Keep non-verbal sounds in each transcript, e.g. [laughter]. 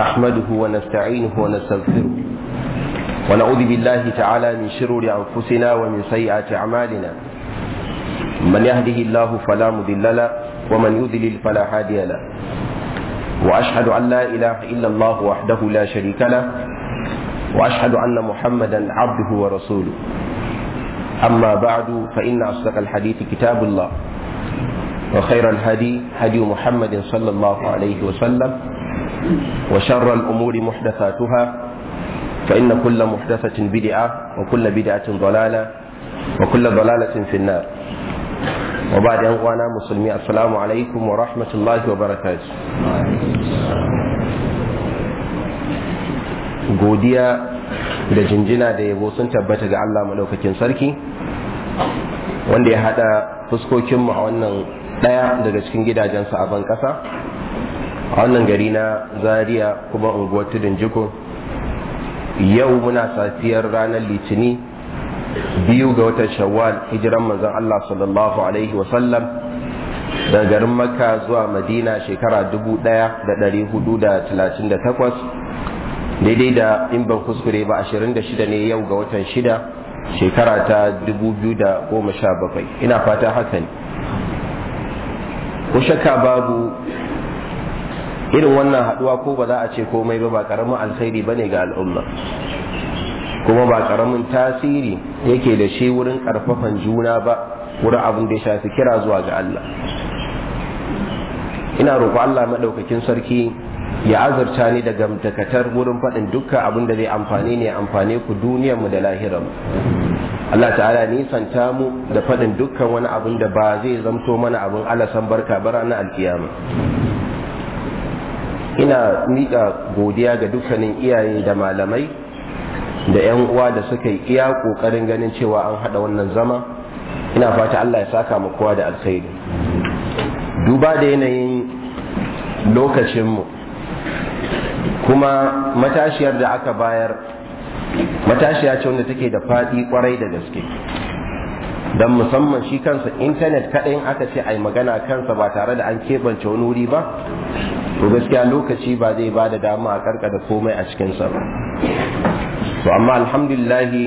نحمده ونستعينه ونستغفره ونعوذ بالله تعالى من شرور انفسنا ومن سيئات اعمالنا من يهده الله فلا مضل له ومن يضلل فلا هادي له واشهد ان لا اله الا الله وحده لا شريك له واشهد ان محمدا عبده ورسوله اما بعد فان اصدق الحديث كتاب الله وخير الهدي هدي محمد صلى الله عليه وسلم وشر الأمور محدثاتها فإن كل محدثة بدعة وكل بدعة ضلالة وكل ضلالة في النار وبعد أن قوانا مسلمي السلام عليكم ورحمة الله وبركاته godiya da jinjina da yabo sun tabbata ga Allah maɗaukakin sarki wanda ya haɗa fuskokinmu a wannan ɗaya daga cikin gidajensa a ban ƙasa a wannan gari na Zariya kuma unguwar tudun jiko yau muna safiyar ranar litini biyu ga watan shawwal hijiran manzon Allah sallallahu alaihi wasallam daga garin makka zuwa madina shekara 1438 daidai da in ban kuskure ba 26 ne yau ga watan shida shekara ta 2017 ina fata haka ne ko shakka babu irin wannan haduwa ko ba za a ce komai ba ba karamin alkhairi bane ga al'umma kuma ba karamin tasiri yake da shi wurin karfafan juna ba wurin abin da ya shafi kira zuwa ga Allah ina roƙo Allah maɗaukakin sarki ya azurta ni daga gamtakatar wurin faɗin dukkan abin da zai amfani ne amfane ku duniyar mu da lahiran. Allah ta'ala nisanta mu da faɗin dukkan wani abin da ba zai zamto mana abin alasan barka ba ranar alkiyama ina miƙa godiya ga dukkanin iyaye da malamai da 'yan uwa da suka yi iya ƙoƙarin ganin cewa an haɗa wannan zama ina fata Allah ya saka mu kowa da alkhairi duba da yanayin lokacinmu kuma matashiyar da aka bayar matashiya ce wanda take da faɗi kwarai da gaske don musamman shi kansa intanet kaɗai aka ce a yi magana kansa ba tare da an kebance wani wuri ba to gaskiya lokaci ba zai ba da dama a karkada komai a cikinsa ba to amma alhamdulillahi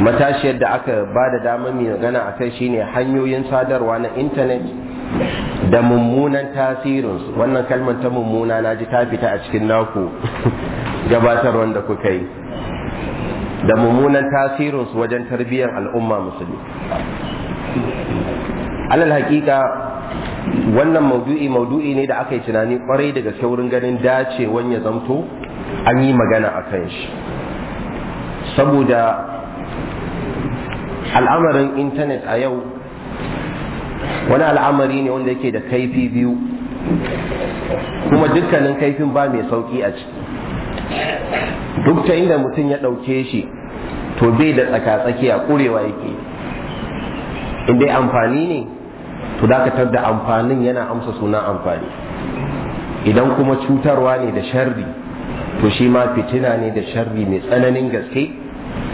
matashiyar da aka ba da dama mai magana a kai shine hanyoyin sadarwa na intanet da mummunan tasirinsu wannan kalmar ta mummuna na ji ta fita a cikin naku [laughs] gabatar wanda kuka yi da mummunan tasirinsu wajen tarbiyyar al'umma musulmi alal hakika wannan maudu'i maudu'i ne da aka yi tunani kwarai daga gaske ganin dacewan ya zamto an yi magana a kan shi saboda al'amarin intanet a yau wani al'amari ne wanda yake da kaifi biyu kuma dukkanin kaifin ba mai sauki a ciki duk ta inda mutum ya ɗauke shi to bai da tsaka-tsaki a ƙurewa yake in dai amfani ne to dakatar da amfanin yana amsa suna amfani idan kuma cutarwa ne da sharri to shi ma fitina ne da sharri mai tsananin gaske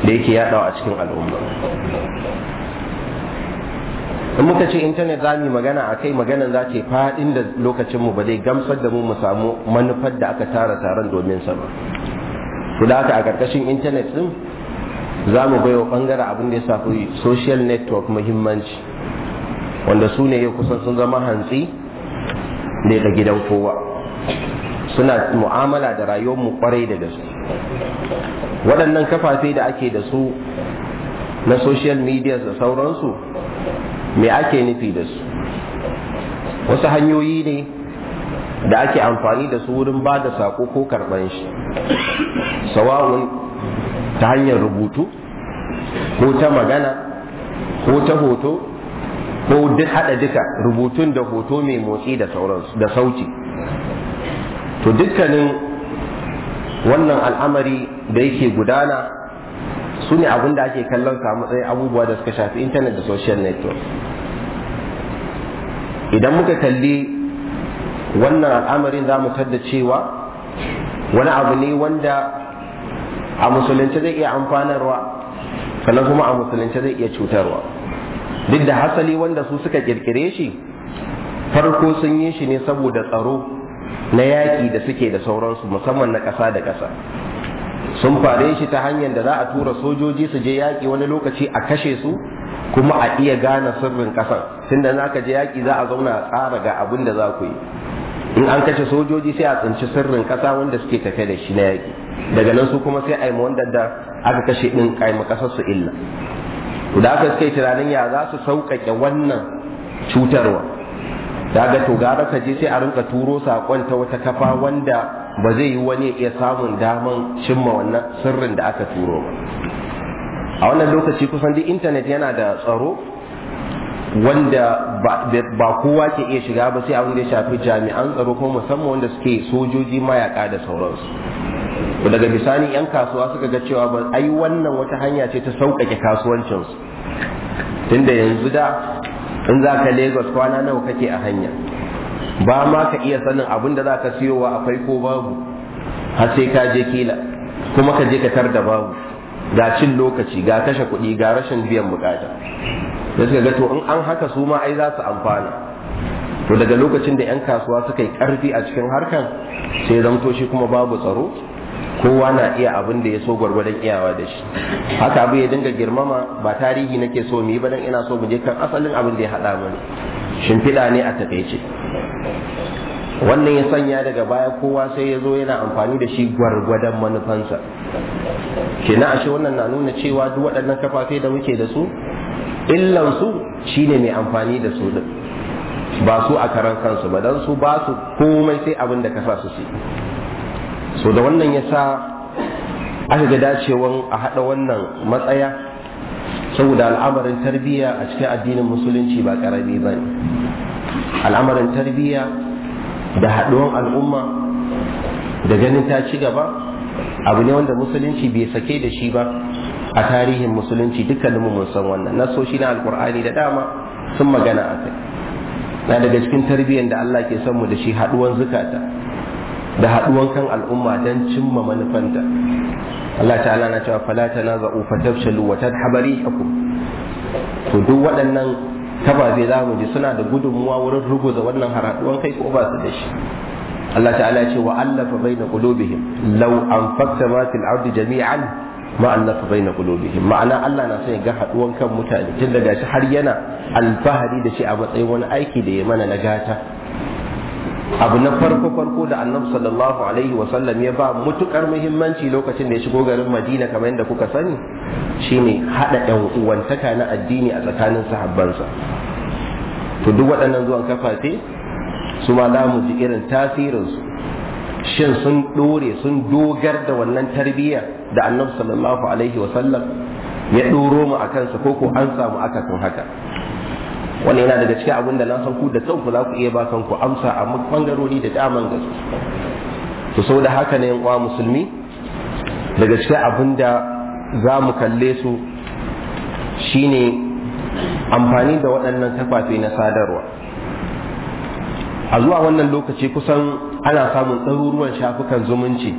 da yake yaɗawa a cikin al'umma in muka ce intanet za mu yi magana a kai maganan za ce faɗin da lokacinmu ba zai gamsar da mu mu samu manufar da aka tara taron domin sa ba su a karkashin intanet din za mu baiwa bangaren abin da ya safi social network muhimmanci wanda su ne ya kusan sun zama hantsi ya gidan kowa suna mu'amala da rayuwar mu kwarai da gaske waɗannan kafafe da ake da su na social media da sauransu me ake nufi da su wasu hanyoyi ne da ake amfani da su wurin ba da sako ko karɓar shi sawa'un ta hanyar rubutu ko ta magana ko ta hoto ko duk hada duka rubutun da hoto mai motsi da sauransu da sauti to dukkanin wannan al'amari da yake gudana su ne abin da ake kallon samu matsayin abubuwa da suka shafi intanet da social network idan muka kalli wannan al'amarin za mu cewa wani abu ne wanda a musulunci zai iya amfanarwa sannan kuma a musulunci zai iya cutarwa duk da hasali wanda su suka kirkire shi farko sun yi shi ne saboda tsaro na yaƙi da suke da sauransu musamman na ƙasa da ƙasa sun fare shi ta hanyar da za a tura sojoji su je yaƙi wani lokaci a kashe su kuma a iya gane sirrin ƙasar tunda za ka je yaƙi za a zauna a tsara ga abin da za ku yi in an kashe sojoji sai a tsinci sirrin kasa wanda suke tafe da shi na yaƙi daga nan su kuma sai a yi wanda da aka kashe din kaima kasar su illa to da aka suke tunanin ya za su sauƙaƙe wannan cutarwa da ga to gara ka je sai a rinka turo saƙon ta wata kafa wanda ba zai yi wani iya samun daman cimma wannan sirrin da aka turo ba a wannan lokaci kusan duk intanet yana da tsaro wanda ba kowa ke iya shiga ba sai abin da ya shafi jami'an tsaro ko musamman wanda suke sojoji mayaka da sauransu daga bisani 'yan kasuwa suka ga cewa ba ai wannan wata hanya ce ta sauƙaƙe kasuwancinsu tunda yanzu da in za ka lagos kwana nawa kake a hanya ba ma ka iya sanin abin da za ka siyowa akwai ko babu har sai ka je kila kuma ka je ka tar da babu ga cin lokaci ga kashe kuɗi ga rashin biyan bukata da suka ga to in an haka su ma ai za su amfana to daga lokacin da 'yan kasuwa suka yi karfi a cikin harkan sai zamto shi kuma babu tsaro kowa na iya abin da ya so gwargwadon iyawa da shi haka abu ya dinga girmama ba tarihi nake so mu yi ba dan ina so mu je kan asalin abin da ya haɗa shin shimfiɗa ne a takaice wannan ya sanya daga baya kowa sai ya zo yana amfani da shi gwargwadon manufansa kenan ashe wannan na nuna cewa duk waɗannan kafafe da muke da su illansu ne mai amfani da su din ba su a karan kansu ba don su ba su komai sai abin da ka sa su so da wannan ya sa aka ga dacewan a haɗa wannan matsaya saboda al'amarin tarbiyya a cikin addinin musulunci ba ƙarami ba ne al'amarin tarbiyya da haɗuwan al'umma da ganin ta ci gaba abu ne wanda musulunci bai sake da shi ba a tarihin musulunci dukkanin mu mun san wannan nasoshi na alkur'ani da dama sun magana a kai na daga cikin tarbiyyar da Allah ke son mu da shi haduwan zukata da haduwan kan al'umma don cimma manufanta Allah ta'ala na cewa fala tanaza'u fatafshalu wa tadhabari hakum to duk waɗannan tababe za mu ji suna da gudunmuwa wurin ruguza wannan haraduwan kai ko ba su da shi Allah ta'ala ce wa allafa baina qulubihim law anfaqta ma fil ardi jami'an ma'annafa bai na ma'ana Allah na son ya ga haɗuwan kan mutane tun daga shi har yana alfahari da shi a matsayin wani aiki da ya mana na gata abu na farko farko da annabi sallallahu alaihi wa sallam ya ba mutukar muhimmanci lokacin da ya shigo garin madina kamar yadda kuka sani shine haɗa yan uwantaka na addini a tsakanin sahabbansa to duk waɗannan zuwan kafafe su ma za mu ji irin tasirinsu shin sun dore sun dogar da wannan tarbiyya da annabi sallallahu alaihi wasallam ya doro mu akan sa koko an samu kun haka wannan yana daga cikin abin da na san ku da ku za ku iya ba ku amsa a bangarori da daman gaske to saboda haka ne yan uwa musulmi daga cikin abin da za mu kalle su shine amfani da waɗannan kafafe na sadarwa a zuwa wannan lokaci kusan ana samun tsaruruwan shafukan zumunci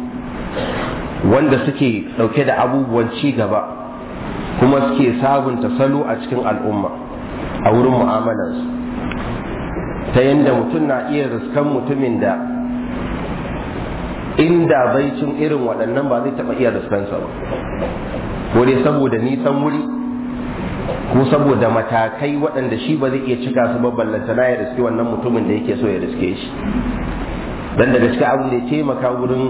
wanda suke ɗauke da abubuwan ci gaba kuma suke sabunta salo a cikin al'umma a wurin mu'amalarsu ta yadda mutum na iya riskan mutumin da inda baicin irin waɗannan ba zai taɓa iya riskansa ba ko dai saboda nisan wuri ko saboda matakai waɗanda shi ba zai iya cika su ba ballanta na ya riske wannan mutumin da yake so ya riske shi dan daga cikin abin da ya taimaka wurin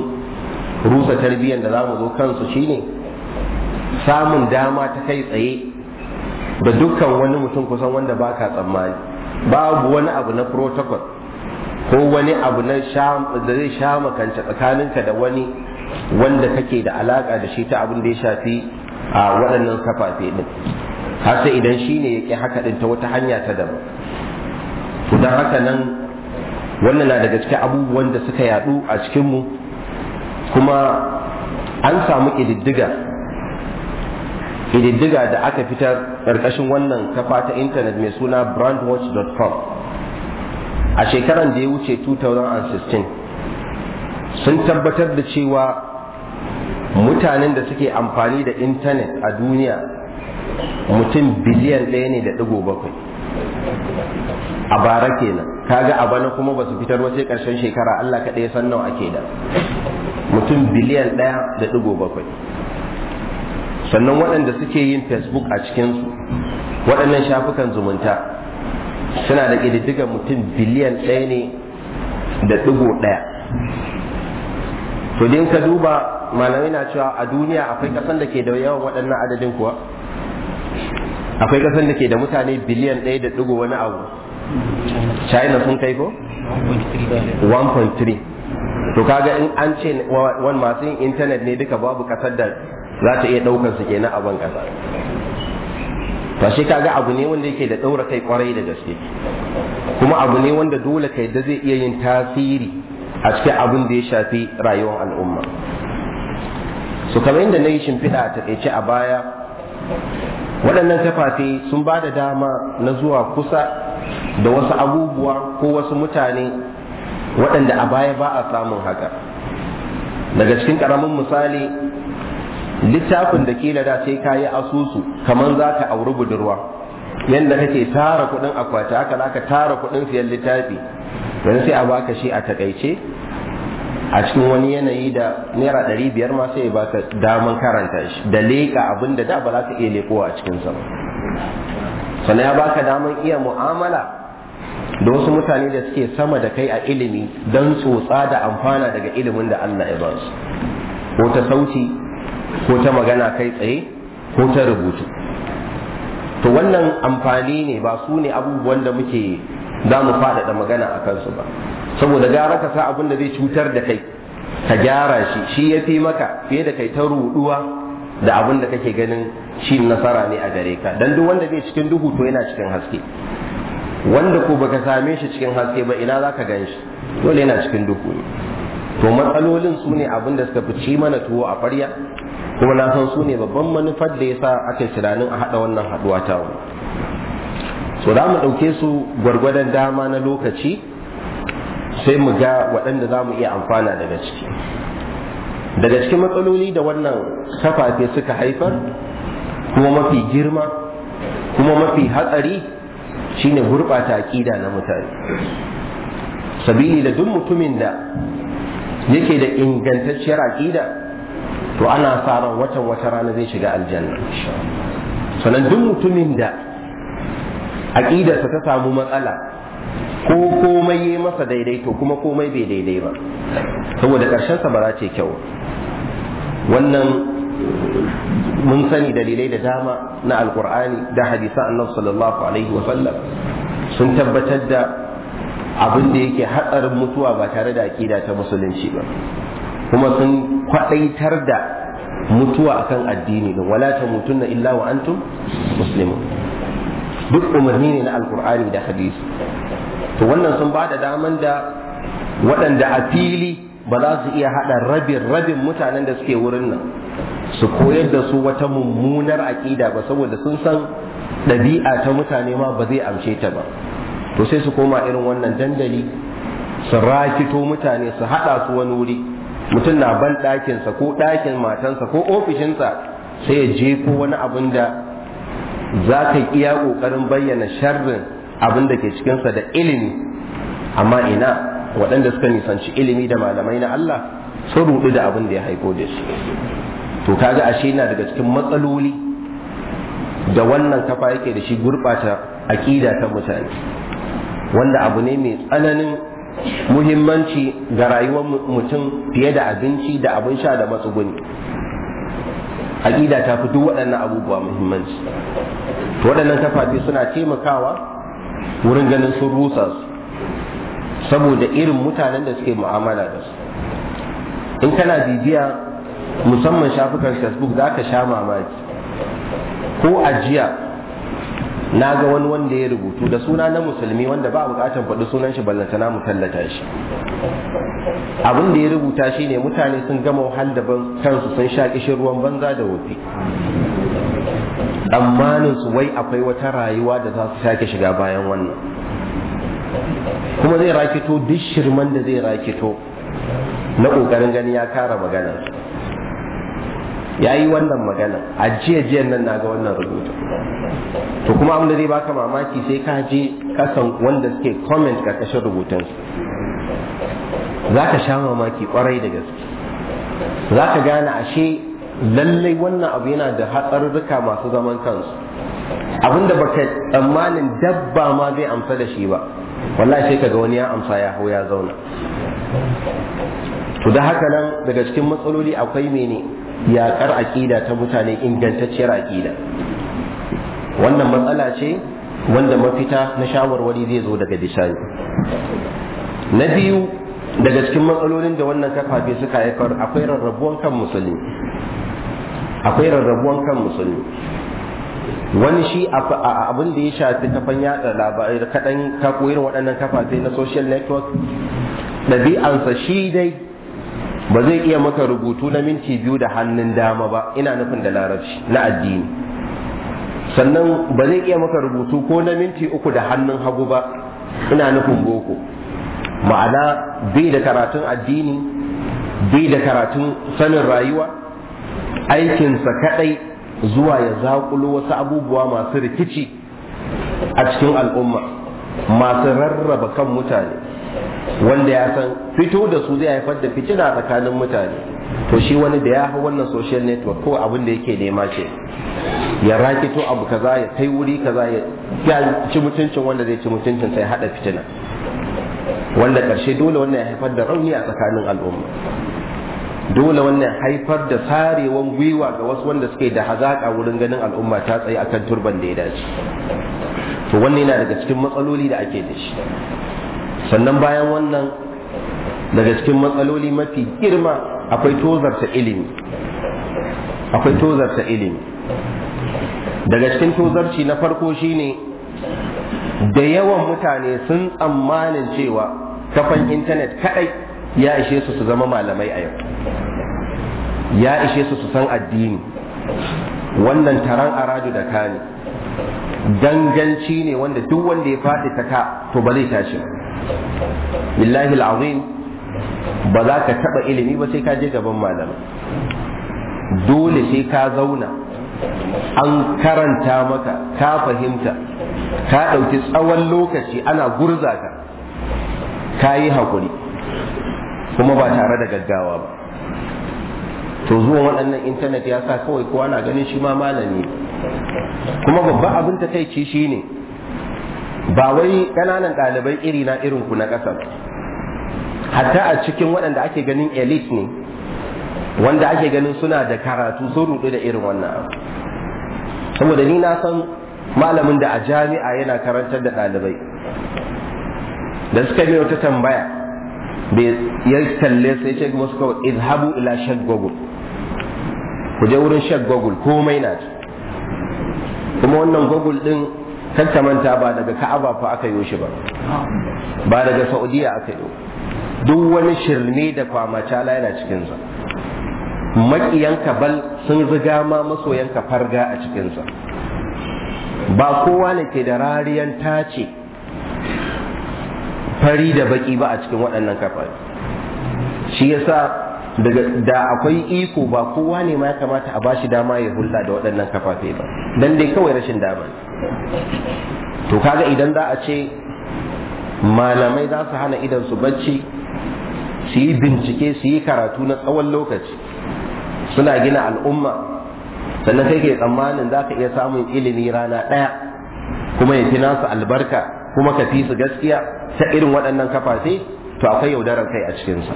rusa tarbiyyar da za mu zo kansu shine samun dama ta kai tsaye da dukkan wani mutum kusan wanda ba ka tsammani babu wani abu na protocol ko wani abu na da zai sha makance tsakaninka da wani wanda kake da alaka da shi ta abin da ya shafi a waɗannan kafafe ɗin har sai idan shi ne ya ki haka ɗin ta wata hanya ta daban don haka nan wannan na daga cikin abubuwan da suka yadu a cikinmu kuma an samu ƙididdiga ƙididdiga da aka fitar ƙarƙashin wannan kafa ta intanet mai suna brandwatch.com a shekaran da ya wuce 2016 sun tabbatar da cewa mutanen da suke amfani da intanet a duniya mutum biliyan ɗaya ne da ɗigo bakwai a bara kenan kaga a bana kuma ba su fitar wace karshen shekara Allah kaɗai ya san nawa ake da mutum biliyan ɗaya da ɗigo bakwai sannan waɗanda suke yin facebook a cikinsu waɗannan shafukan zumunta suna da ƙididdiga mutum biliyan ɗaya ne da ɗigo ɗaya to ka duba malamai na cewa a duniya akwai ƙasan da ke da yawan waɗannan adadin kuwa akwai ƙasan da ke da mutane biliyan ɗaya da ɗigo wani abu china sun kai ko 1.3 to kaga in an ce wan masu yin intanet ne duka babu kasar da za ta iya daukar su kenan a ban kasa to shi kaga abu ne wanda yake da daura kai kwarai da gaske kuma abu ne wanda dole kai da zai iya yin tasiri a cikin abin da ya shafi rayuwar al'umma su kamar inda na yi shimfiɗa a taƙaice a baya waɗannan kafafe sun ba da dama na zuwa kusa da wasu abubuwa ko wasu mutane waɗanda a baya ba a samun haka daga cikin ƙaramin misali littafin da kila da sai ka yi asusu kamar za ka auri budurwa yadda kake tara kuɗin akwati haka za ka tara kuɗin siyan littafi don sai a baka shi a takaice a cikin wani yanayi da naira ɗari biyar ma sai ba ka daman karanta shi da leƙa abinda da da ba za ka iya leƙowa a cikin sa sannan ya baka daman iya mu'amala da wasu mutane da suke sama da kai a ilimi don tsotsa da amfana daga ilimin da Allah ya ba su ko ta sauti ko ta magana kai tsaye ko ta rubutu to wannan amfani ne ba su ne abubuwan da muke za mu faɗaɗa magana a kansu ba saboda gara ka sa abin da zai cutar da kai ka gyara shi shi ya fi maka fiye da kai ta ruɗuwa da abin da kake ganin shi nasara ne a gare ka Don duk wanda zai cikin duhu to yana cikin haske wanda ko baka same shi cikin haske ba ina zaka gan shi dole yana cikin duhu ne to matsalolin su ne abin da suka fi ci mana tuwo a farya kuma na san su ne babban manufar da yasa ake tunanin a haɗa wannan haduwa ta so za mu ɗauke su gwargwadon dama na lokaci sai mu ga waɗanda za mu iya amfana daga ciki daga cikin matsaloli da wannan kafafe suka haifar kuma mafi girma kuma mafi hatsari shine gurbata aqida na mutane sabili da duk mutumin da yake da ingantacciyar aqida to ana sa ran watan wata rana zai shiga aljanna sannan duk mutumin da aqidarsa ta samu matsala ko komai ya masa daidai to kuma komai bai daidai ba saboda ƙarshensa ba za ce kyau wannan mun sani dalilai da dama na alkur'ani da hadisan annabi sallallahu alaihi wa sallam sun tabbatar da abin da yake hatsarin mutuwa ba tare da aƙida ta musulunci ba kuma sun kwaɗaitar da mutuwa akan addini da wala ta mutunna illa wa antum muslimun duk umarni ne na alkur'ani da hadisi to wannan sun ba da daman da waɗanda a fili ba za su iya haɗa rabin rabin mutanen da suke wurin nan su koyar da su wata mummunar aƙida ba saboda sun san ɗabi'a ta mutane ma ba zai amshe ta ba to sai su koma irin wannan dandali su rakito mutane su haɗa su wani wuri mutum na ban ɗakinsa ko ɗakin matansa ko ofishinsa sai ya je ko wani abin da za ka iya ƙoƙarin bayyana sharrin abin da ke cikinsa da ilimi amma ina waɗanda suka nisanci ilimi da malamai na Allah sun ruɗu da abin da ya haiko da shi. to ga ashe yana daga cikin matsaloli da wannan kafa yake da shi gurɓata aƙida ta mutane wanda abu ne mai tsananin muhimmanci ga rayuwar mutum fiye da abinci da abin sha da matsuguni aƙida ta fi duk waɗannan abubuwa muhimmanci waɗannan kafafe suna taimakawa wurin ganin sun rusa su saboda irin mutanen da suke mu'amala da su in kana bibiya musamman shafukan facebook za ka sha mamaki ko ajiya na ga wani wanda ya rubutu da suna na musulmi wanda ba bukatar faɗi sunan shi ballanta na mu tallata shi abin da ya rubuta shi ne mutane sun gama wahal da kansu sun sha kishin ruwan banza da wofi tsammanin su wai akwai wata rayuwa da za su sake shiga bayan wannan kuma zai rakito duk shirman da zai rakito na ƙoƙarin gani ya kara magana ya yi wannan magana a jiya jiyan nan na ga wannan rubutu to kuma abin da zai baka mamaki sai ka je kasan wanda suke comment kashin rubutun za ka sha mamaki kwarai da gaske za ka gane ashe lallai wannan abu yana da hatsarurruka masu zaman kansu Abin da baka tsammanin dabba ma zai amsa da shi ba wallahi sai ka ga wani ya amsa ya hau ya zauna to da haka nan daga cikin matsaloli akwai mene yaƙar aƙida ta mutane ingantacciyar aƙida wannan matsala ce wanda mafita na shawarwari zai zo daga bisani na biyu daga cikin matsalolin da wannan kafafe suka haifar akwai rarrabuwan kan musulmi akwai rarrabuwan kan musulmi wani shi abin da ya shafi kafan yada labarai kaɗan ka koyar waɗannan kafafe na social network ɗabi'ansa shi dai ba zai iya maka rubutu na minti biyu da hannun dama ba ina nufin da larabci na addini sannan ba zai iya maka rubutu ko na minti uku da hannun hagu ba ina nufin boko ma'ana bai da karatun addini bai da karatun sanin rayuwa aikinsa kadai zuwa ya zaƙulo wasu abubuwa masu rikici a cikin al'umma masu rarraba kan mutane wanda ya san fito da su zai haifar da fitina tsakanin mutane to shi wani da ya hau wannan social network ko abin da yake nema ce ya rakito abu kaza ya kai wuri kaza ya ci mutuncin wanda zai ci mutuncin sai hada fitina wanda karshe dole wannan ya haifar da rauni a tsakanin al'umma dole wannan haifar da sarewan gwiwa ga wasu wanda suke da hazaƙa wurin ganin al'umma ta tsaye akan turban da ya dace to wannan yana daga cikin matsaloli da ake da shi sannan bayan wannan daga cikin matsaloli mafi girma akwai tozarta ilimi akwai tozarta ilimi daga cikin tozarci na farko shine da yawan mutane sun tsammanin cewa kafan intanet kadai ya ishe su su zama malamai a yau ya ishe su su san addini wannan taron araju da kani danganci ne wanda duk wanda ya faɗi ta ka to ba zai tashi ba billahi al'azim ba za ka taɓa ilimi ba sai ka je gaban malamai dole sai ka zauna an karanta maka ka fahimta ka ɗauki tsawon lokaci ana gurza ka ka yi haƙuri kuma ba tare da gaggawa ba to zuwa waɗannan intanet ya sa kawai kowa na ganin shi ma malami kuma babban abin ta kai ci shi ne ba wai ƙananan ɗalibai iri na irin ku na ƙasa hatta a cikin waɗanda ake ganin elite ne wanda ake ganin suna da karatu sun rudu da irin wannan abu saboda ni na san malamin da a jami'a yana karantar da ɗalibai da suka yi wata tambaya bai ya kalle sai ce musu izhabu ila shag gogul ku je wurin shag gogul komai na kuma wannan gogul din manta ba daga ka'aba fa aka yi ba ba daga saudiya aka yi duk wani shirme da kwamacala yana cikinsa makiyanka bal sun riga ma yanka farga a cikinsa ba kowa ne ke da rariyan tace fari da baki ba a cikin waɗannan kafar shi yasa da akwai iko ba kowa ne ma ya kamata a bashi dama ya hulɗa da waɗannan kafafe ba dan dai kawai rashin dama ne to kaga idan za a ce malamai za su hana idan su bacci su yi bincike su yi karatu na tsawon lokaci suna gina al'umma sannan kai ke tsammanin za ka iya samun ilimi rana ɗaya kuma ya fi nasu albarka kuma ka fi su gaskiya ta irin waɗannan kafafe to akwai yaudarar kai a cikinsa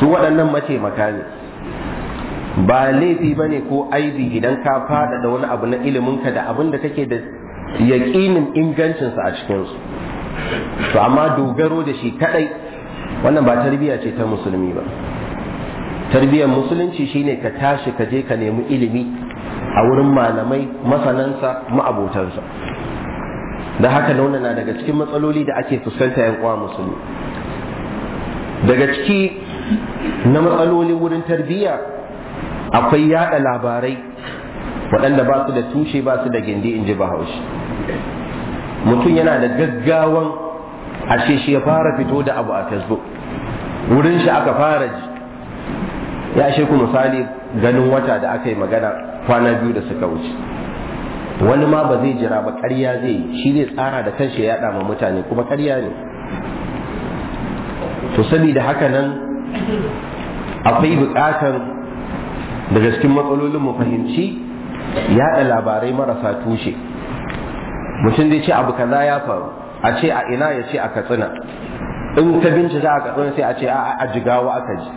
su waɗannan mataimaka ne ba laifi ba ne ko aibi idan ka faɗaɗa wani abu na ilimin ka da abin da kake da yaƙinin ingancinsa a cikinsu to amma dogaro da shi kaɗai wannan ba tarbiyya ce ta musulmi ba tarbiyyar musulunci shine ka tashi ka je ka nemi ilimi a wurin malamai masanansa ma'abotansa da haka launa na daga cikin matsaloli da ake fuskanta yan uwa musulmi daga ciki na matsalolin wurin tarbiyya akwai yada labarai waɗanda ba su da tushe ba su da gindi in ji bahaushe mutum yana da gaggawan ashe shi ya fara fito da abu a facebook wurin shi aka fara ji ya shi ku misali ganin wata da aka yi magana kwana biyu da suka wuce wani ma ba zai jira ba ƙarya zai yi shi zai tsara da kanshi ya yaɗa ma mutane kuma ƙarya ne to saboda haka nan akwai buƙatar daga cikin matsalolin mu fahimci yaɗa labarai marasa tushe mutum zai ce abu kaza ya faru a ce a ina ya ce a katsina in ka bincika a katsina sai a ce a jigawa aka ji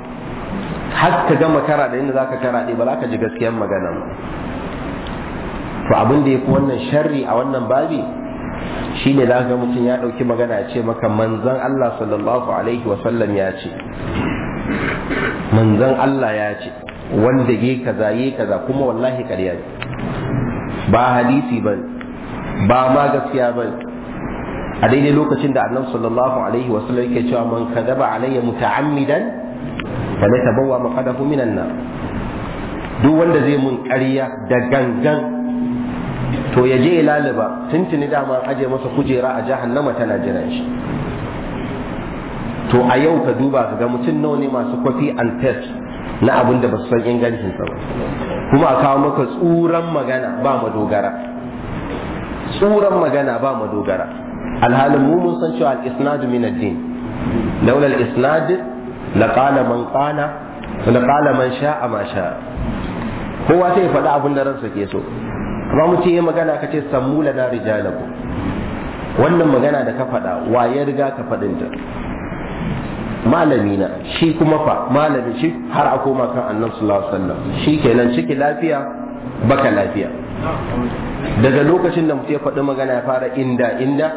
har ka gama kara da inda za ka kara ba za ka ji gaskiyar magana ba to abin da ya fi wannan sharri a wannan babi shi ne za ga mutum ya ɗauki magana ya ce maka manzan Allah sallallahu alaihi wasallam ya ce manzan Allah ya ce wanda ya kaza ya kaza kuma wallahi karya ne ba hadisi ba ba ma gaskiya ba a daidai lokacin da annabi sallallahu alaihi wa sallam yake cewa man kadaba alayya muta'ammidan fa la tabawwa maqadahu minan nar duk wanda zai mun ƙarya da gangan to ya je laliba tuntuni dama aje masa kujera a jahannama tana jiran shi to a yau ka duba ka ga mutum nawa ne masu kwafi and test na abin da ba su san ingancin sa ba kuma a kawo maka tsuran magana ba madogara tsuran magana ba madogara alhalin mu mun san cewa al isnad min ad-din laula al-isnad qala man qala qala man sha'a ma sha'a kowa sai ya faɗa abin da ransa ke so amma mu ce magana ka ce sammu lana rijalakum wannan magana da ka faɗa wa ya riga ka faɗin ta malami na shi kuma fa malami shi har a koma kan annabi sallallahu alaihi wasallam shi kenan ciki lafiya baka lafiya daga lokacin da mutum ya faɗi magana ya fara inda inda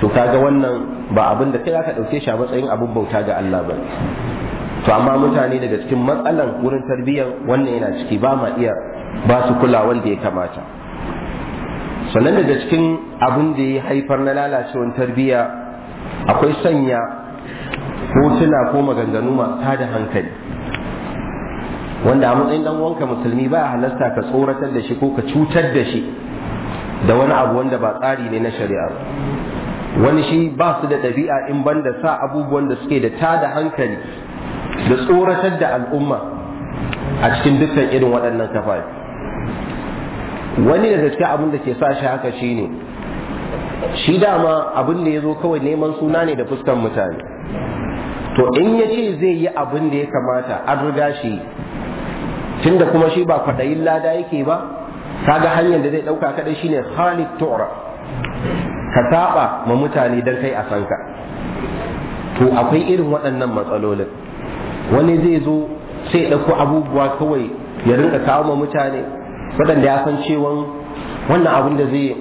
to kaga wannan ba abin da kai zaka ɗauke shi a matsayin abin bauta ga Allah ba to amma mutane daga cikin matsalan wurin tarbiyyar wannan yana ciki ba ma iya ba su kula wanda ya kamata sannan daga cikin abin da ya haifar na lalacewar tarbiyya akwai sanya hotuna ko maganganu masu tada hankali wanda a matsayin dan wanka musulmi ba a halasta ka tsoratar da shi ko ka cutar da shi da wani abu wanda ba tsari ne na shari'a wani shi ba su da ɗabi'a in banda sa abubuwan da suke da tada hankali da tsoratar da al'umma a cikin dukkan irin waɗannan kafafi wani da gaske abin da ke sa shi haka shine shi dama abin da ya zo kawai neman suna ne da fuskan mutane to in ya ce zai yi abin da ya kamata an riga shi tunda kuma shi ba kwaɗayin lada yake ba kaga hanyar da zai ɗauka kaɗai shine halit tu'ra ka saba ma mutane don kai a sanka to akwai irin waɗannan matsalolin wani zai zo sai ɗauko abubuwa kawai ya rinka kawo ma mutane waɗanda ya san cewa wannan abin da zai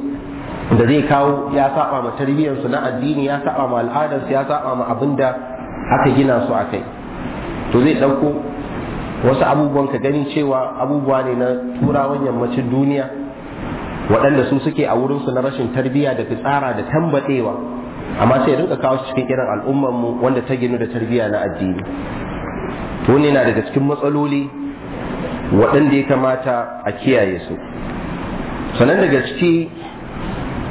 da zai kawo ya saba ma tarbiyyarsu na addini ya saba ma al'adarsu ya saba ma abin da aka gina su a kai to zai ɗauko wasu abubuwan ka gani cewa abubuwa ne na turawan yammacin duniya waɗanda su suke a wurinsu na rashin tarbiyya da fitsara da tambaɗewa amma sai rinka kawo cikin irin al'ummarmu wanda ta ginu da tarbiyya na addini to wani na daga cikin matsaloli waɗanda ya kamata a kiyaye su sanan daga ciki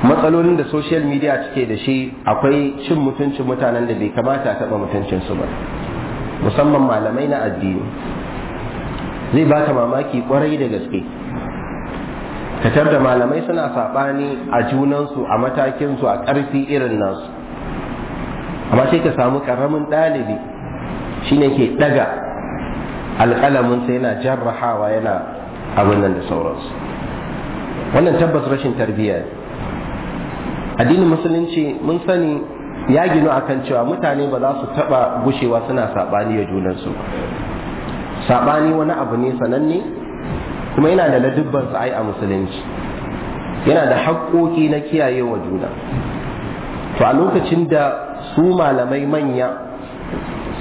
matsalolin da social media cike da shi akwai cin mutuncin mutanen da bai kamata a taɓa su ba musamman malamai na addini zai baka mamaki kwarai da gaske katar da malamai suna saɓani a junansu a matakinsu a ƙarfi irin nasu amma sai ka samu ƙaramin ɗalibi shine ke ɗaga alƙalamin sa yana jarrahawa yana abin nan da sauransu wannan tabbas rashin tarbiyya ne addinin musulunci mun sani ya ginu akan cewa mutane ba za su taba gushewa suna sabani ya junansu sabani wani abu ne sananne kuma yana da ladubban sa'ai a musulunci yana da haƙoƙi na kiyaye wa juna to a lokacin da su malamai manya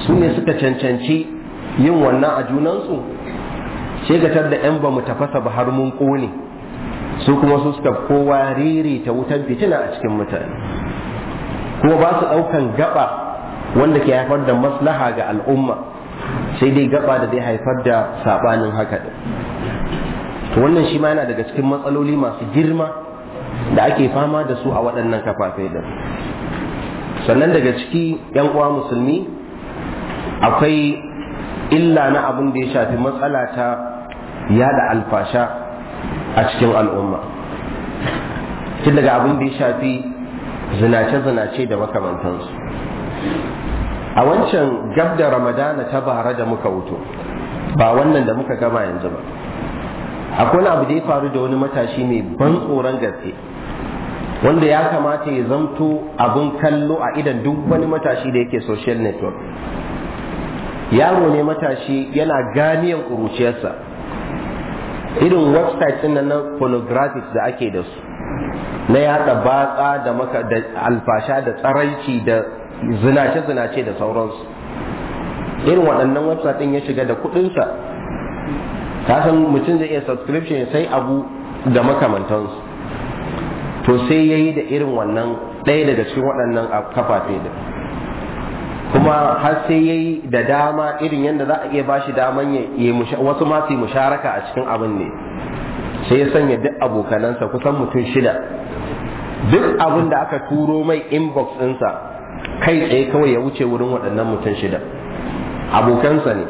su ne suka cancanci yin wannan a junansu sai da 'yan ba mu tafasa ba har mun ƙone su kuma su suka kowa ta wutar fitina a cikin mutane kuma ba su ɗaukan gaba wanda ke haifar da maslaha ga al'umma sai dai gaba da zai haifar da saɓanin haka ɗin wannan shi ma yana daga cikin matsaloli masu girma da ake fama da su a waɗannan kafafe ɗin sannan daga ciki yan uwa musulmi akwai illa na abin da ya shafi matsala ta yada alfasha a cikin al'umma tun daga abin da ya shafi zinace-zinace da makamantansu a wancan gab da ramadana ta bara da muka wuto ba wannan da muka gama yanzu ba akwai abu da ya faru da wani matashi mai ban tsoron gaske wanda ya kamata ya zamto abin kallo a idan duk wani matashi da yake social network yaro ne matashi yana ganiyan ƙuruciyarsa irin website din nan na pornographic da ake da su na yada batsa da maka da alfasha da tsaraici da zinace zinace da sauransu irin waɗannan website din ya shiga da kuɗinsa ka san mutum zai iya subscription sai abu da makamantansu to sai yayi da irin wannan ɗaya daga cikin waɗannan kafafe din kuma har sai yayi da dama irin yadda za a iya bashi daman ya wasu ma su musharaka a cikin abin ne sai ya sanya duk abokanansa kusan mutum shida duk abin da aka turo mai inbox ɗinsa kai tsaye kawai ya wuce wurin waɗannan mutum shida abokansa ne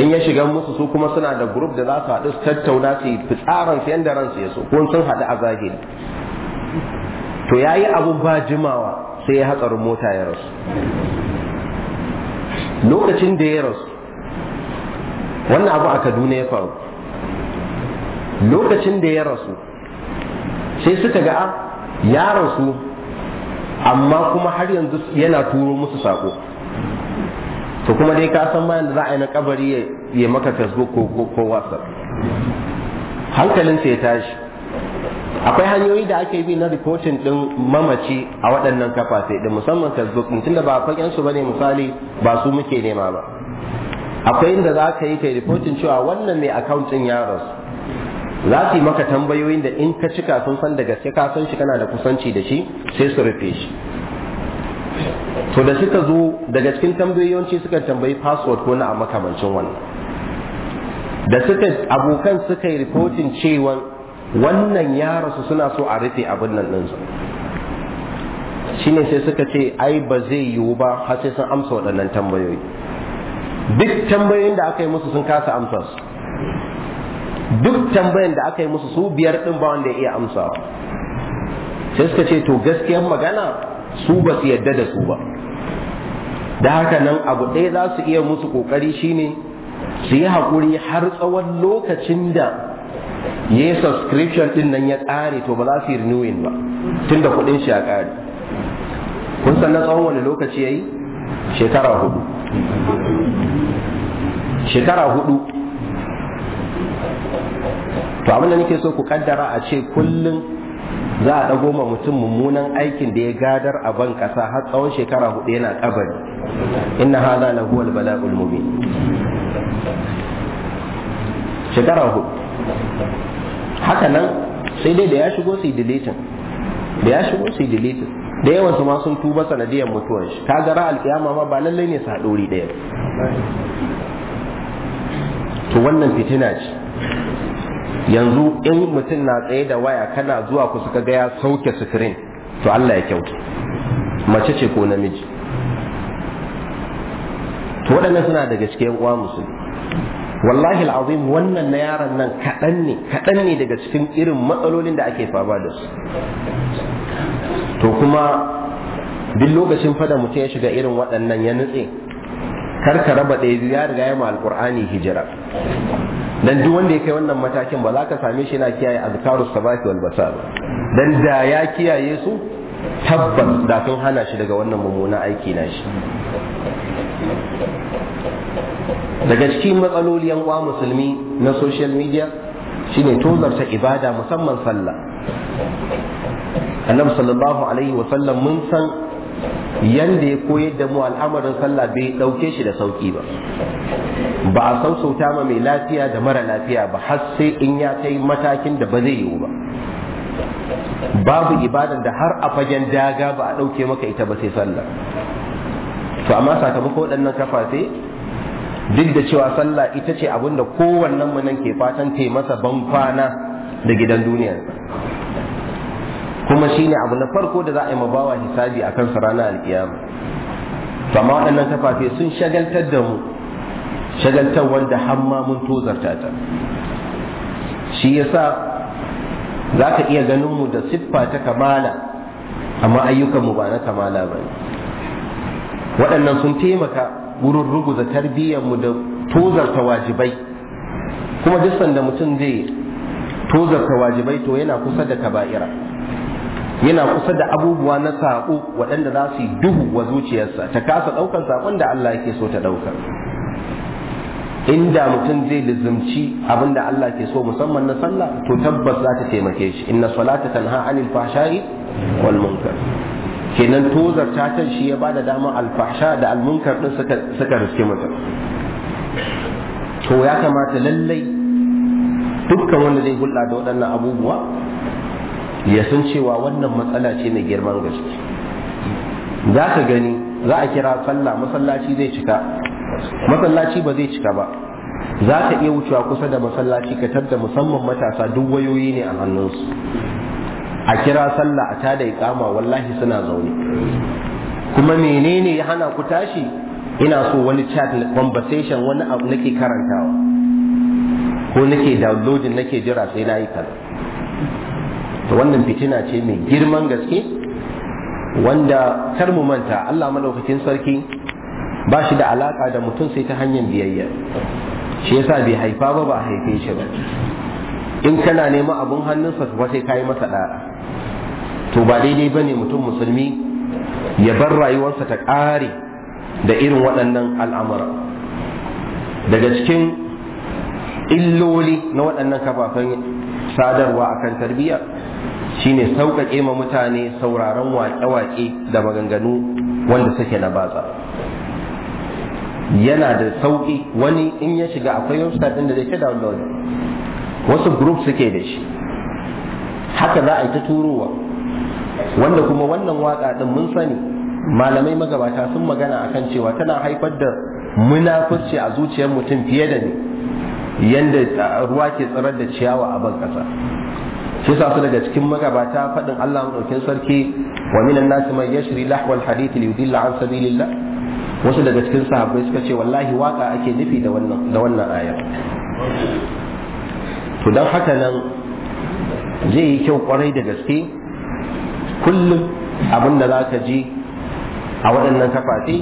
in ya shiga musu su kuma suna da grup da za su haɗu su tattauna su yi tsaran su yadda ransu ya so kun sun haɗu a zahiri to yayi abun ba jimawa sai ya hatsarin mota ya rasu lokacin da ya rasu wannan abu a kaduna ya faru lokacin da ya rasu sai suka ga ah, ya rasu amma kuma har yanzu yana turo musu saƙo to kuma dai ka san bayan da za a yi na kabari ya maka facebook ko whatsapp hankalinsa ya tashi akwai hanyoyi da ake bi na reporting din mamaci a waɗannan kafafe da musamman facebook mutum da ba fagen su bane misali ba su muke nema ba akwai inda za ka yi kai reporting cewa wannan mai account din ya za su yi maka tambayoyin da in ka cika sun san da gaske ka san shi kana da kusanci da shi sai su rufe shi to da suka zo daga cikin tambayoyi suka tambayi password ko na a makamancin wannan da suka abokan suka yi reporting cewa wannan ya rasu suna so a rufe abin nan ɗinsu shine sai suka ce ai ba zai yiwu ba har sai sun amsa waɗannan tambayoyi duk tambayoyin da aka yi musu sun kasa amsa su duk tambayan da aka yi musu su biyar ɗin ba wanda ya iya amsawa sai suka ce to gaskiyar magana su ba su yadda da su ba da haka nan abu ɗaya za su iya musu ƙoƙari shine su yi haƙuri har tsawon lokacin da ya yi subscription din nan ya ƙare to ba za su yi renewing ba tun da kuɗin shi ya ƙare kun san na tsawon wani lokaci ya yi shekara hudu shekara hudu to abinda nake so ku kaddara a ce kullum za a ɗago ma mutum mummunan aikin da ya gadar a ban ƙasa har tsawon shekara hudu yana ƙabari inna hada na al bala'ul mubin shekara hudu haka nan sai dai da ya shigo su deletin da ya shigo su deletin da yawan su ma sun tuba sanadiyar mutuwar shi ka gara alkiyama ma ba lallai ne su haɗori ɗaya to wannan fitina ce yanzu in mutum na tsaye da waya kana zuwa ku suka gaya sauke sikirin to Allah ya kyauta mace ce ko namiji to waɗannan suna daga cikin uwa musulmi wallahi al'azim wannan na yaran nan kaɗan ne kaɗan ne daga cikin irin matsalolin da ake fama da su to kuma duk lokacin fada mutum ya shiga irin waɗannan ya nutse karka raba ɗaya biyu ya riga ya ma alƙur'ani hijira dan duk wanda ya kai wannan matakin ba za ka same shi yana kiyaye azkaru sabaki wal basar dan da ya kiyaye su tabbas da sun hana shi daga wannan mummuna aiki na shi daga cikin matsaloli yan uwa musulmi na social media shine tozarta ibada musamman sallah annabi sallallahu alaihi wa sallam mun san yanda ya koyar da mu al'amarin sallah bai dauke shi da sauki ba ba a sausauta ma mai lafiya da mara lafiya ba har sai in ya kai matakin da ba zai yiwu ba babu ibadan da har a fagen daga ba a dauke maka ita ba sai sallah to amma sakamakon waɗannan kafafe duk da cewa sallah ita ce abin da kowannen mu nan ke fatan ta masa ban da gidan duniyar kuma shine abu na farko da za a yi bawa hisabi akan sa ranar alkiyama amma waɗannan kafafe sun shagaltar da mu shagaltar wanda hamma mun tozarta ta shi yasa za ka iya ganin mu da siffa ta kamala amma ayyukan mu ba na kamala ba waɗannan sun taimaka wurin ruguza tarbiyyarmu da tozarta wajibai kuma duk sanda mutum zai tozarta wajibai to yana kusa da kaba'ira yana kusa da abubuwa na saƙo waɗanda za su duhu wa zuciyarsa ta kasa ɗaukar saƙon da Allah yake so ta ɗauka inda mutum zai lizumci abin da Allah ke so musamman na sallah to tabbas za ta taimake shi inna salata tanha anil fahsha'i wal munkar kenan tozar tatan shi ya bada damar alfahsha da almunkar din suka riske mutum to ya kamata lallai dukkan wanda zai hulɗa da waɗannan abubuwa ya san cewa wannan matsala ce mai girman gaske za ka gani za a kira sallah masallaci zai cika masallaci ba zai cika ba za ka iya wucewa kusa da masallaci ka tabda musamman matasa duk wayoyi ne a hannunsu a kira sallah a tada ikama wallahi suna zaune kuma menene ya hana ku tashi ina so wani chat conversation wani abu nake karantawa ko nake downloading nake jira sai na yi kaza to wannan fitina ce mai girman gaske wanda kar mu manta Allah madaukakin sarki ba shi da alaka da mutum sai ta hanyar biyayya shi yasa bai haifa ba ba a haife shi ba in kana neman abun hannunsa ba sai yi masa ɗara to ba daidai ba ne mutum musulmi ya bar rayuwarsa ta ƙare da irin waɗannan al'amura daga cikin illoli na waɗannan kafafen sadarwa akan tarbiyya Shi ne sauƙaƙe ma mutane sauraron waƙe-waƙe da maganganu wanda suke na baza. yana da sauƙi wani in ya shiga akwai yau ɗin da zai download wasu group suke da shi haka za a yi ta turowa wanda kuma wannan waka din mun sani malamai magabata sun magana akan cewa tana haifar da munafurci a zuciyar mutum fiye da ne yanda ruwa ke tsarar da ciyawa a ban kasa shi sa su daga cikin magabata faɗin Allah madaukin sarki wa minan nasi mai yashri lahwal hadith li yudilla an sabilillah wasu daga cikin sahabbai suka ce wallahi waka ake nufi da wannan da wannan ayar to dan haka nan zai yi kyau kwarai da gaske kullum abin da za ka ji a waɗannan kafafe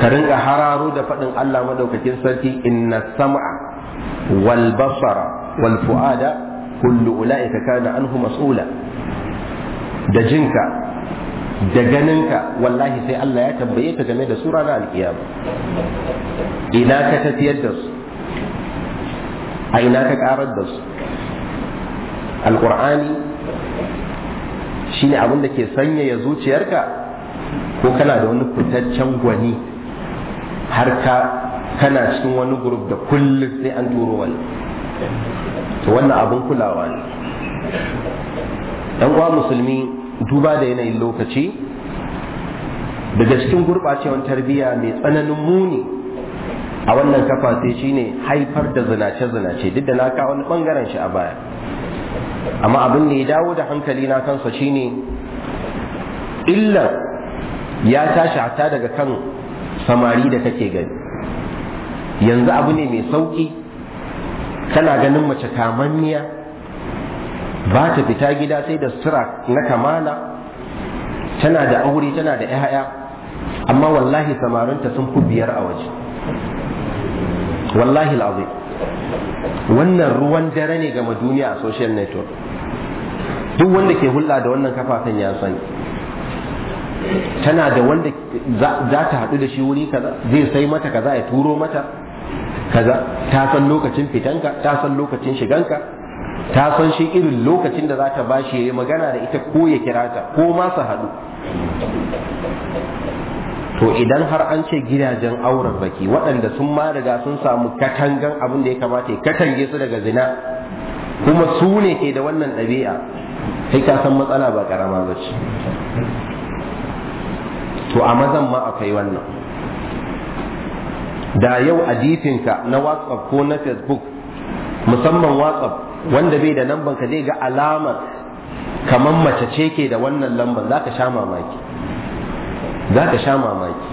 ka rinka hararo da faɗin Allah maɗaukakin sarki inna sam'a wal basara wal fu'ada kullu ula'ika kana anhu mas'ula da jinka da ganinka wallahi sai Allah ya tambaye ka game da sura na alkiyama ina ka tafiyar da su a ina ka karar da su alqur'ani shine abin da ke sanyaya zuciyarka ko kana da wani fitaccen gwani har ka kana cikin wani grup da kullum sai an turo wani to wannan abin kulawa ne uwa musulmi duba da yanayin lokaci daga cikin gurɓacewar tarbiyya mai tsananin muni a wannan kafa sai shine haifar da zinace-zinace duk da na kawo wani bangaren shi a baya amma abin da ya dawo da hankali na kansa shine illar ya tashi hata daga kan samari da kake gani yanzu abu ne mai sauki tana ganin mace kamanniya ba ta fita gida sai da sura na kamala tana da aure tana da 'ya'ya amma wallahi samarinta sun fi biyar a waje wallahi al'azim wannan ruwan dare ne gama duniya a social network duk wanda ke hulɗa da wannan kafafen ya sani tana da wanda za ta haɗu da shi wuri kaza zai sai mata kaza ya turo mata kaza ta san lokacin fitanka ta san lokacin shiganka ta san shi irin lokacin da za ta bashi ya yi magana da ita ko ya kira ta ko ma su haɗu to idan har an ce gidajen auren baki waɗanda sun ma riga sun samu katangan abin da ya kamata ya katange su daga zina kuma su ne ke da wannan ɗabi'a sai ka san matsala ba ƙarama ba ce to a mazan ma akwai wannan da yau a ka na whatsapp ko na facebook musamman whatsapp wanda bai da lambanka zai ga alamar kamar mace ce ke da wannan lamban za ka sha mamaki za ka sha mamaki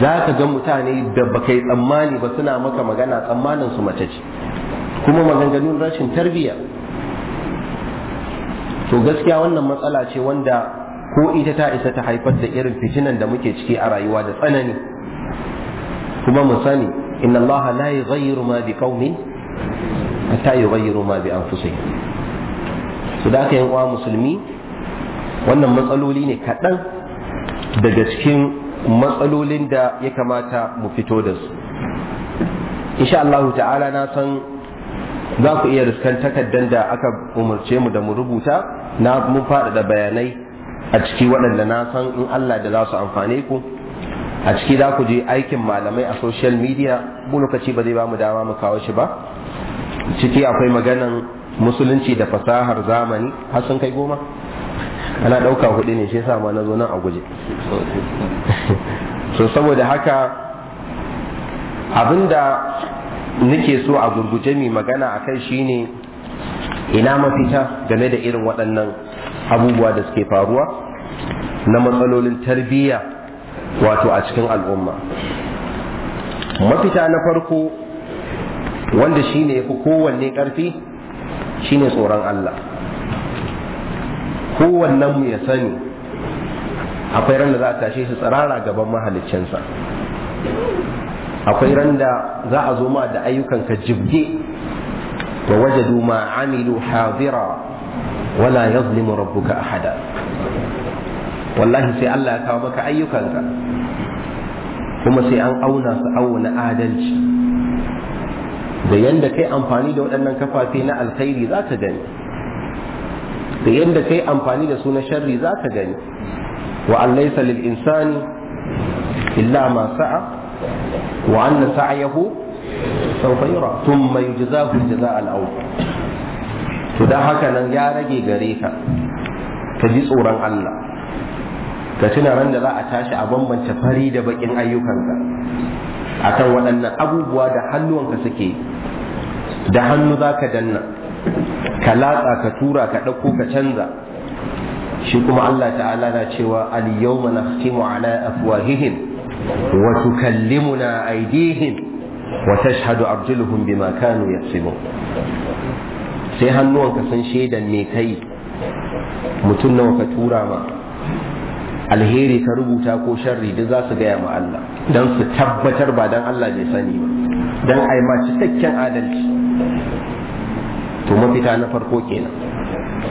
za ka ga mutane da ba kai tsammani ba suna maka magana tsammanin su mace ce kuma maganganun rashin tarbiyya to gaskiya wannan matsala ce wanda ko ita ta isa ta haifar da irin fitinan da muke ciki a rayuwa da tsanani kuma mu sani inna allaha la yughayyiru ma bi qaumin hatta yughayyiru ma bi anfusihim su da aka yan musulmi wannan matsaloli ne kaɗan daga cikin matsalolin da ya kamata mu fito da su insha Allah ta'ala na san za ku iya riskan takardar da aka umarce mu da mu rubuta na mun faɗaɗa bayanai a ciki waɗanda na san in Allah da za su amfane ku a ciki za ku je aikin malamai a social media mu lokaci ba zai ba mu dama mu kawo shi ba ciki akwai maganan musulunci da fasahar zamani har sun kai goma ana ɗauka hudu ne shi yasa ma na zo nan a guje [laughs] so saboda haka abinda nake so a gurguje mai magana a kai ne, ina mafita game da irin waɗannan abubuwa da suke faruwa na matsalolin tarbiyya wato a cikin al'umma mafita na farko wanda shine ya fi kowanne ƙarfi shi ne tsoron Allah kowannen mu ya sani akwai ran da za a tashe shi tsirara gaban mahaliccinsa akwai ran da za a zo ma da ayyukanka jibge wa wajadu ma amilu hadira wala yazlimu rabbuka ahada wallahi sai Allah ya kawo maka ayyukanka kuma sai an auna su auna adalci da yanda kai amfani da waɗannan kafafe na alkhairi za ka gani da yadda yi amfani da su na sharri za ka gani wa'allai an laysa lil insani illa ma sa'a wa anna sa'yahu sawfa yura thumma yujzahu jazaa al to dan haka nan ya rage gare ka ka ji tsoron Allah ka tuna ran da za a tashi a bambance fari da bakin ayyukanka akan waɗannan abubuwa da hannuwanka suke da hannu za ka danna ka latsa ka tura ka ɗauko ka canza shi kuma Allah ta'ala na cewa al-yawma nakhtimu ala afwahihim wa tukallimuna aydihim wa tashhadu arjuluhum bima kanu yaksibun sai hannuwan ka san shaidan me kai mutum nawa ka tura ma alheri ka rubuta ko sharri duk za su gaya ma Allah don su tabbatar ba don Allah bai sani ba don ai ma cikakken adalci to mafita na farko kenan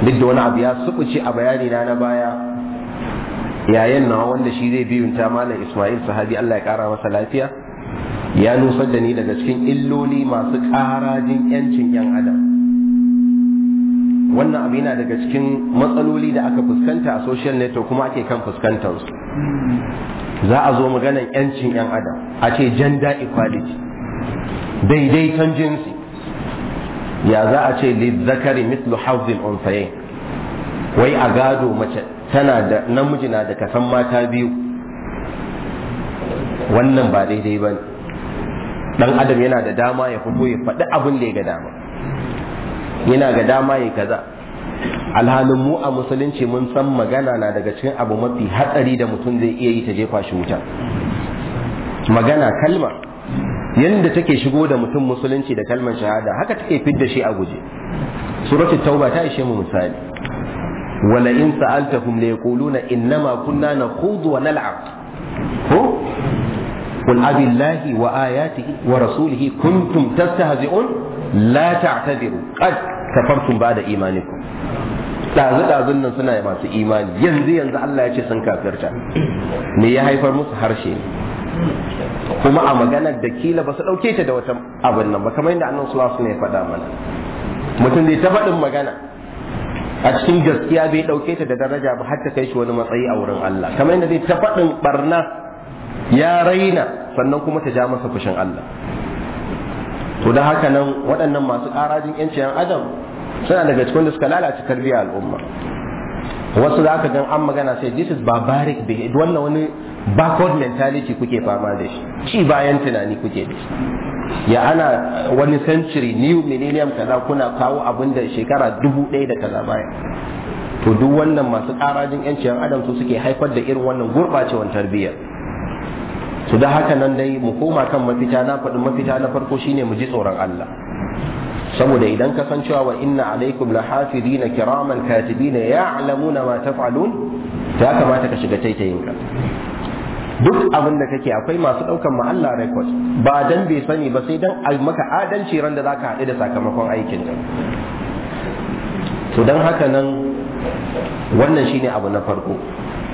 duk da wani abu ya subuce a bayani na na baya yayin nawa wanda shi zai biyun ta malam Ismail sahabi Allah ya kara masa lafiya ya nusar da ni daga cikin illoli masu karajin yancin yan adam wannan abu yana daga cikin matsaloli da aka fuskanta a social network kuma ake kan fuskantar su za a zo maganan yancin yan adam a ce gender equality daidaiton jinsi ya za a ce lizzakari mislu hazzin unsayin wai a gado mace tana da namiji na da kasan mata biyu wannan ba daidai ba dan adam yana da dama ya fito ya faɗi abin da ya ga dama yana ga dama ya kaza alhalin mu a musulunci mun san magana na daga cikin abu mafi hatsari da mutum zai iya yi ta jefa shi wuta magana kalma yanda take shigo da mutum musulunci da kalmar shahada haka take fidda shi a guje suratul tauba ta ishe mu misali wala in sa'altahum la yaquluna innama kunna nakhudu wa nal'ab ko قل wa الله وآياته ورسوله كنتم تستهزئون لا تعتذروا قد كفرتم bada إيمانكم ɗazu dazun nan suna masu imani yanzu yanzu Allah ya ce sun kafirta me ya haifar musu harshe ne kuma a maganar da kila ba su ɗauke ta da wata abin nan ba kamar yadda annabi sallallahu alaihi ya faɗa mana mutum da ta faɗin magana a cikin gaskiya bai ɗauke ta da daraja ba har ta kai shi wani matsayi a wurin Allah kamar yadda zai ta faɗin barna ya raina sannan kuma ta ja masa fushin Allah to da haka nan waɗannan masu ƙarajin 'yancin adam suna daga cikin da suka lalace tarbiyyar al'umma wasu za ka gan an magana sai this is barbaric behavior wannan wani backward mentality kuke fama da shi ci bayan tunani kuke da shi ya ana wani century new millennium kaza kuna kawo abin da shekara dubu ɗaya da kaza baya to duk wannan masu ƙarajin yanciyar adam su suke haifar da irin wannan gurɓacewar tarbiyyar su da haka nan dai mu koma kan mafita na faɗin mafita na farko shine mu ji tsoron Allah saboda idan ka san cewa inna alaikum Hafidina kiraman katibina ya'lamuna ma taf'alun ya kamata ka shiga taitayin ka duk abin da kake akwai masu daukan ma Allah record ba dan bai sani ba sai dan ai maka adalci ran da zaka haɗu da sakamakon aikin ka to dan haka nan wannan shine abu na farko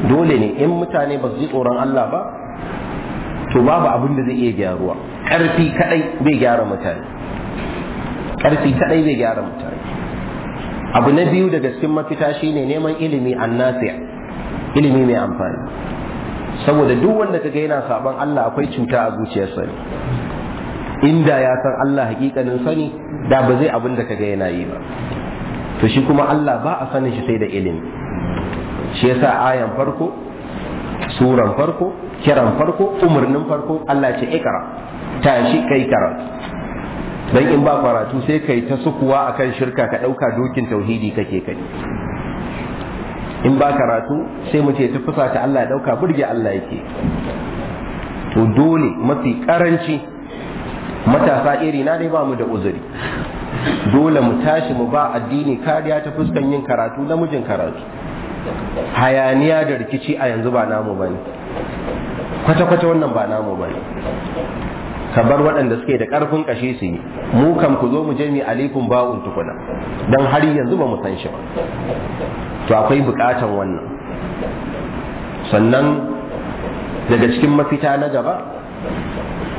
dole ne in mutane ba su ji tsoron Allah ba to babu abin da zai iya gyaruwa ƙarfi kadai bai gyara mutane karfi kadai zai gyara mutane abu na biyu daga cikin mafita shine neman ilimi annasi ilimi mai amfani saboda duk wanda kaga yana saban Allah akwai cuta a sani, inda ya san Allah hakikanin sani da ba zai abin da kaga yana yi ba to shi kuma Allah ba a sanin shi sai da ilimi shi yasa ayan farko suran farko kiran farko umarnin farko Allah ce ikra tashi kai karatu dan in ba karatu sai kai ta sukuwa akan shirka ka dauka dokin tauhidi kake kai in ba karatu sai mu ce ta fusa ta Allah ya dauka burge Allah yake to dole mafi karanci matasa iri na dai ba mu da uzuri dole mu tashi mu ba addini kariya ta fuskan yin karatu namijin karatu hayaniya da rikici a yanzu ba namu bane kwata-kwata wannan ba namu bane ka bar waɗanda suke da ƙarfin ƙashi su yi mu kam ku zo mu je mu alifin ba'un tukuna don har yanzu ba mu san shi ba to akwai buƙatan wannan sannan daga cikin mafita na gaba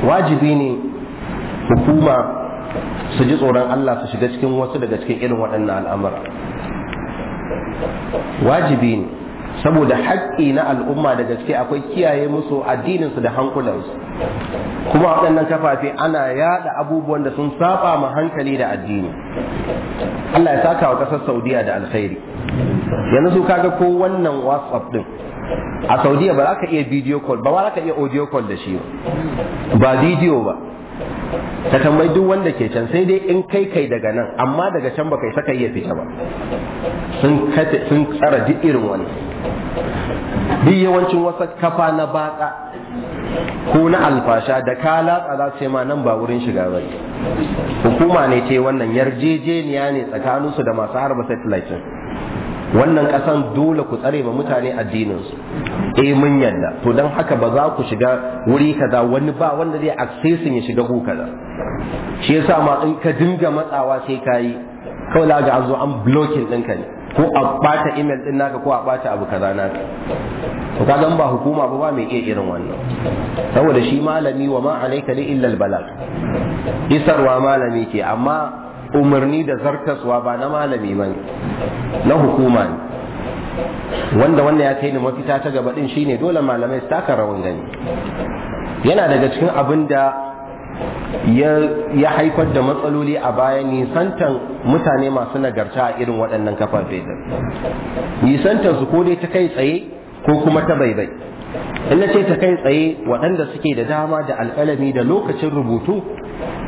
wajibi ne hukuma su ji tsoron Allah su shiga cikin wasu daga cikin irin waɗannan al'amura wajibi ne saboda haƙƙi na al'umma da gaske akwai kiyaye musu addininsu da hankulansu kuma waɗannan kafafe ana yada abubuwan da sun saba ma hankali da addini Allah ya saka wa ƙasar Saudiya da alkhairi yanzu su kaga ko wannan WhatsApp din a Saudiya ba za ka iya video call ba ba za ka iya audio call da shi ba video ba ka tambayi duk wanda ke can sai dai in kai kai daga nan amma daga can ba kai saka iya fita ba sun tsara duk irin wani duk yawancin wasa kafa na batsa ko na alfasha da ka latsa za ce ma nan ba wurin shiga ba hukuma ne ce wannan yarjejeniya ne tsakaninsu da masu harba satellite wannan kasan dole ku tsare ba mutane addininsu eh mun yadda to dan haka ba za ku shiga wuri kaza wani ba wanda zai accessin ya shiga ku kaza shi yasa ma in ka dinga matsawa sai ka yi kawai za ga an zo an blocking ɗinka ne ko a bata email din naka ko a bata abu kaza naka to ka ba hukuma ba ba mai iya irin wannan saboda shi malami wa ma alayka li illa albalag isarwa malami ke amma umarni da zartaswa ba na malami ba na hukuma ne wanda wannan ya kai ni mafita ta gaba din shine dole malamai su taka rawan gani yana daga cikin abin da ya haifar da matsaloli a baya nisantan mutane masu nagarta a irin waɗannan kafafe nisantan su ko dai ta kai tsaye ko kuma ta baibai Ina ce ta kai tsaye waɗanda suke da dama da alƙalami da lokacin rubutu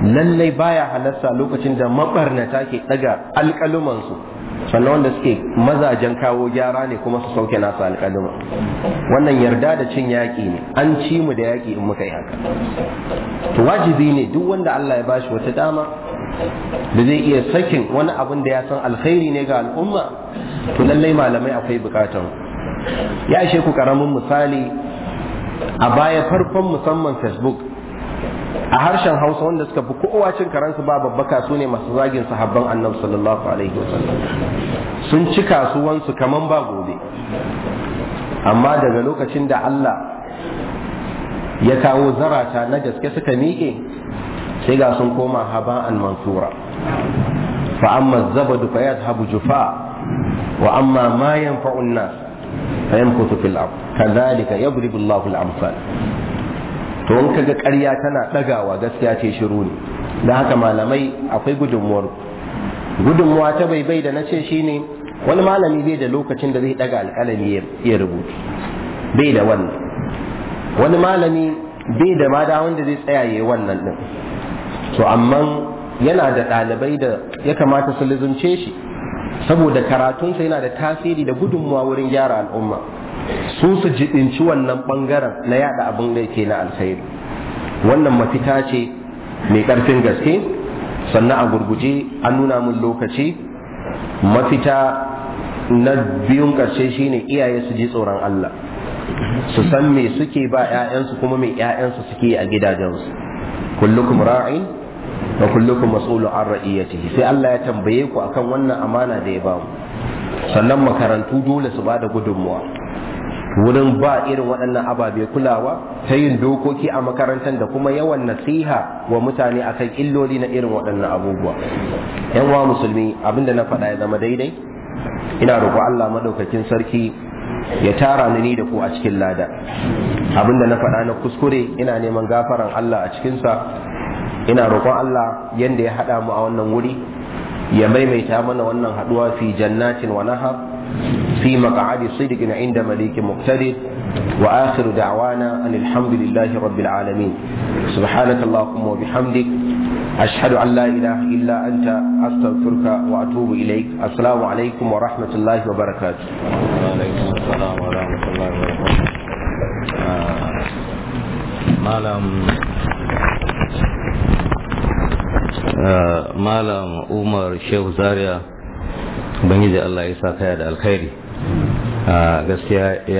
lallai baya halarta lokacin da mabarnata ke ɗaga alƙalumansu sannan wanda suke mazajen kawo gyara ne kuma su sauke nasu alƙaluma wannan yarda da cin yaƙi ne an ci mu da yaƙi in muka yi haka to wajibi ne duk wanda Allah ya bashi wata dama da zai iya sakin wani abin da ya san alkhairi ne ga al'umma to lallai malamai akwai bukatan ya ashe ku karamin misali a baya farkon musamman facebook a harshen hausa wanda suka fi kowa cin karansu ba babba kasu ne masu zagin sahabban annabi sallallahu alaihi wasallam sun ci kasuwansu kaman ba gobe amma daga lokacin da Allah ya kawo zarata na gaske suka miƙe sai ga sun koma haba'an mansura fa amma zabadu fa yadhhabu jufa wa amma ma yanfa'u an-nas fa yamkutu fil ard kadhalika yadribu Allahu al-amsal to in kaga ƙarya tana ɗagawa gaskiya ce shiru ne da haka malamai akwai gudunmuwar gudunmuwa ta bai bai da na ce shine wani malami bai da lokacin da zai ɗaga alƙalami ya rubutu bai da wannan wani malami bai da mada wanda zai tsaya ya wannan din to amma yana da ɗalibai da ya kamata su lizumce shi saboda karatunsa yana da tasiri da gudunmuwa wurin gyara al'umma su su jiɗinci wannan ɓangaren na yada abin da yake na alkhairi wannan mafita ce mai karfin gaske sannan a gurguje an nuna mun lokaci mafita na biyun ƙarshe shine iyaye su ji tsoron Allah su san me suke ba 'ya'yansu kuma me 'ya'yansu suke a gidajensu kullukum ra'in wa kullukum mas'ulu an ra'iyatihi sai Allah ya tambaye ku akan wannan amana da ya ba mu sannan makarantu dole su ba da gudunmuwa wurin ba irin waɗannan ababe kulawa ta yin dokoki a makarantar da kuma yawan nasiha wa mutane akan illoli na irin waɗannan abubuwa yan wa musulmi abinda na faɗa ya zama daidai ina roƙo Allah madaukakin sarki ya tara ni ni da ku a cikin lada abinda na faɗa na kuskure ina neman gafaran Allah a cikinsa ina roƙon Allah yadda ya haɗa mu a wannan wuri ya maimaita mana wannan haɗuwa fi jannatin wa nahar في مقعد صدق عند مليك مقتدر وآخر دعوانا أن الحمد لله رب العالمين سبحانك اللهم وبحمدك أشهد أن لا إله إلا أنت أستغفرك وأتوب إليك السلام عليكم ورحمة الله وبركاته وعليكم السلام ورحمة الله وبركاته Malam آه، Malam آه، عمر شيخ زاريا ubangiji Allah ya sa kaya da alkhairi a gaskiya